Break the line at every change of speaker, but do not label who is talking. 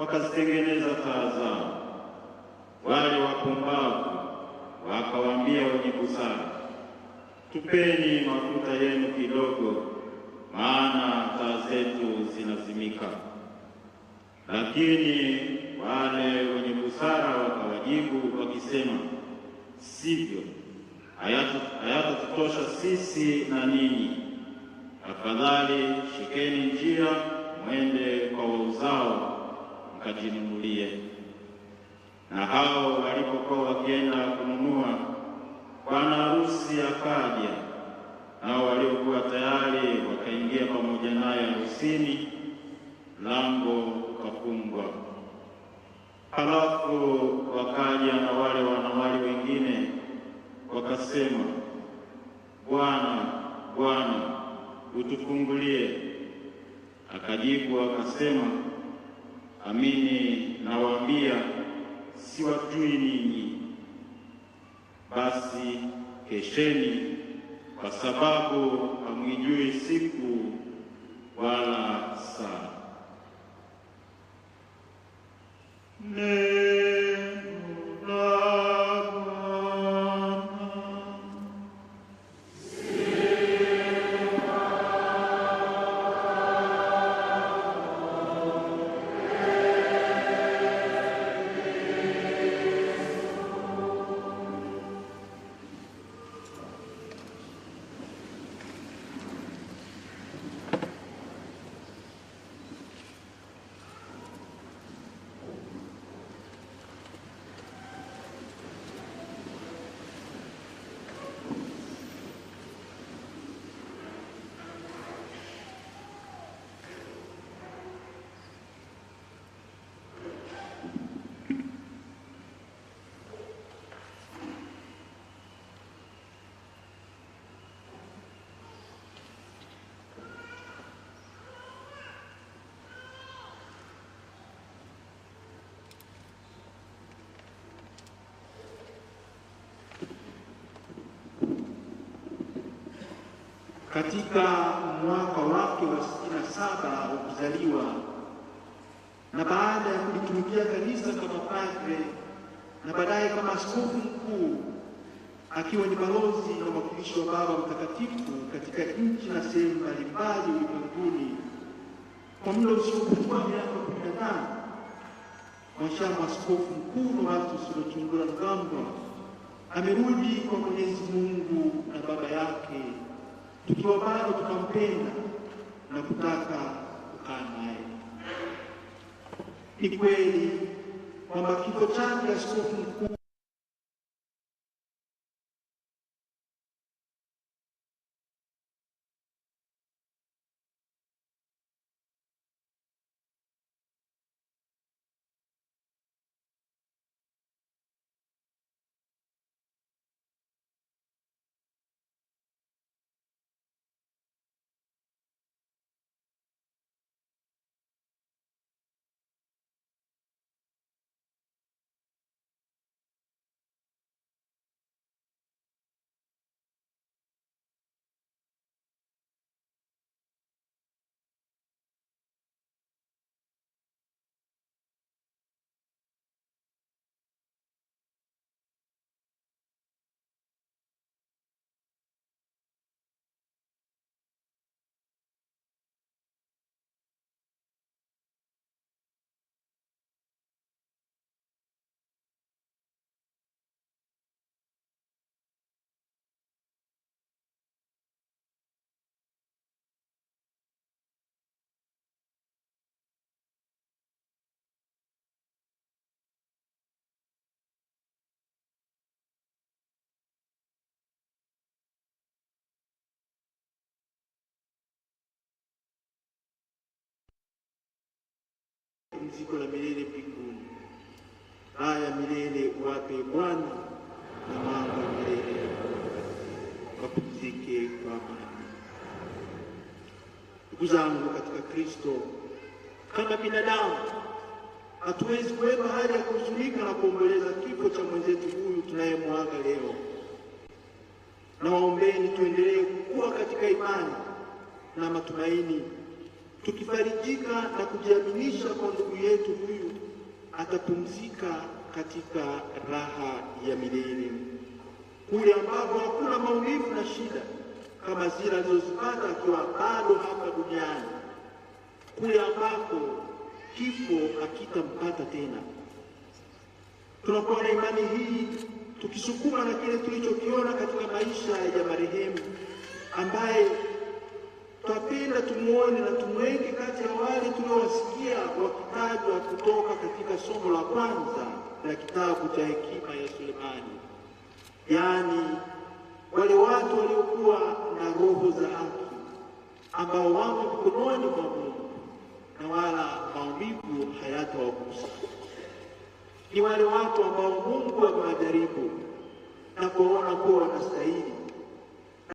wakazitengeneza taa zao. Wale wapumbavu wakawaambia wenye busara, tupeni mafuta yenu kidogo, maana taa zetu zinazimika. Lakini wale wenye busara wakawajibu wakisema, sivyo, hayatatutosha sisi na ninyi. Afadhali shikeni njia, mwende kwa wauzao akajinunulie. Na hao walipokuwa wakienda kununua, bwana harusi akaja, nao waliokuwa tayari wakaingia pamoja naye harusini, lango ukafungwa. Halafu wakaja na wale wanawali wengine wakasema, Bwana, Bwana, utufungulie. Akajibu akasema Amini nawaambia, siwajui ninyi, basi kesheni, kwa sababu hamwijui siku wala saa.
katika mwaka wake wa sitini na saba wa kuzaliwa na baada ya kulitumikia kanisa kama padre na baadaye kama askofu mkuu akiwa ni balozi na mwakilishi wa Baba Mtakatifu katika nchi na sehemu mbalimbali ulimwenguni kwa muda usiopungua miaka kumi na tano Mhashamu Askofu Mkuu Novatus Rutundura Rugambwa amerudi kwa Mwenyezi Mungu na Baba yake tukiwa bado tunampenda na kutaka kukaa naye. Ni kweli kwamba kifo chake askofu mkuu
pumziko la milele mbinguni. Haya milele uwape Bwana, na mambo ya milele wapumzike kwa amani. Ndugu zangu katika Kristo, kama binadamu hatuwezi kuwepa hali ya kuhuzunika na kuomboleza kifo cha mwenzetu huyu tunayemwaga leo, na tuendelee kukua katika imani na matumaini tukifarijika na kujiaminisha kwa ndugu yetu huyu, atapumzika katika raha ya milele kule ambapo hakuna maumivu na shida kama zile alizozipata akiwa bado hapa duniani, kule ambapo kifo hakitampata tena. Tunakuwa na imani hii tukisukuma na kile tulichokiona katika maisha ya marehemu ambaye Twapenda tumuone na tumweke kati ya wale tuliowasikia wakitajwa kutoka katika somo la kwanza la kitabu cha hekima ya Sulemani, yaani wale watu waliokuwa na roho za haki ambao wamo mkononi mwa Mungu na wala maumivu hayatawagusa. Ni wale watu ambao Mungu amewajaribu na kuwaona kuwa wanastahili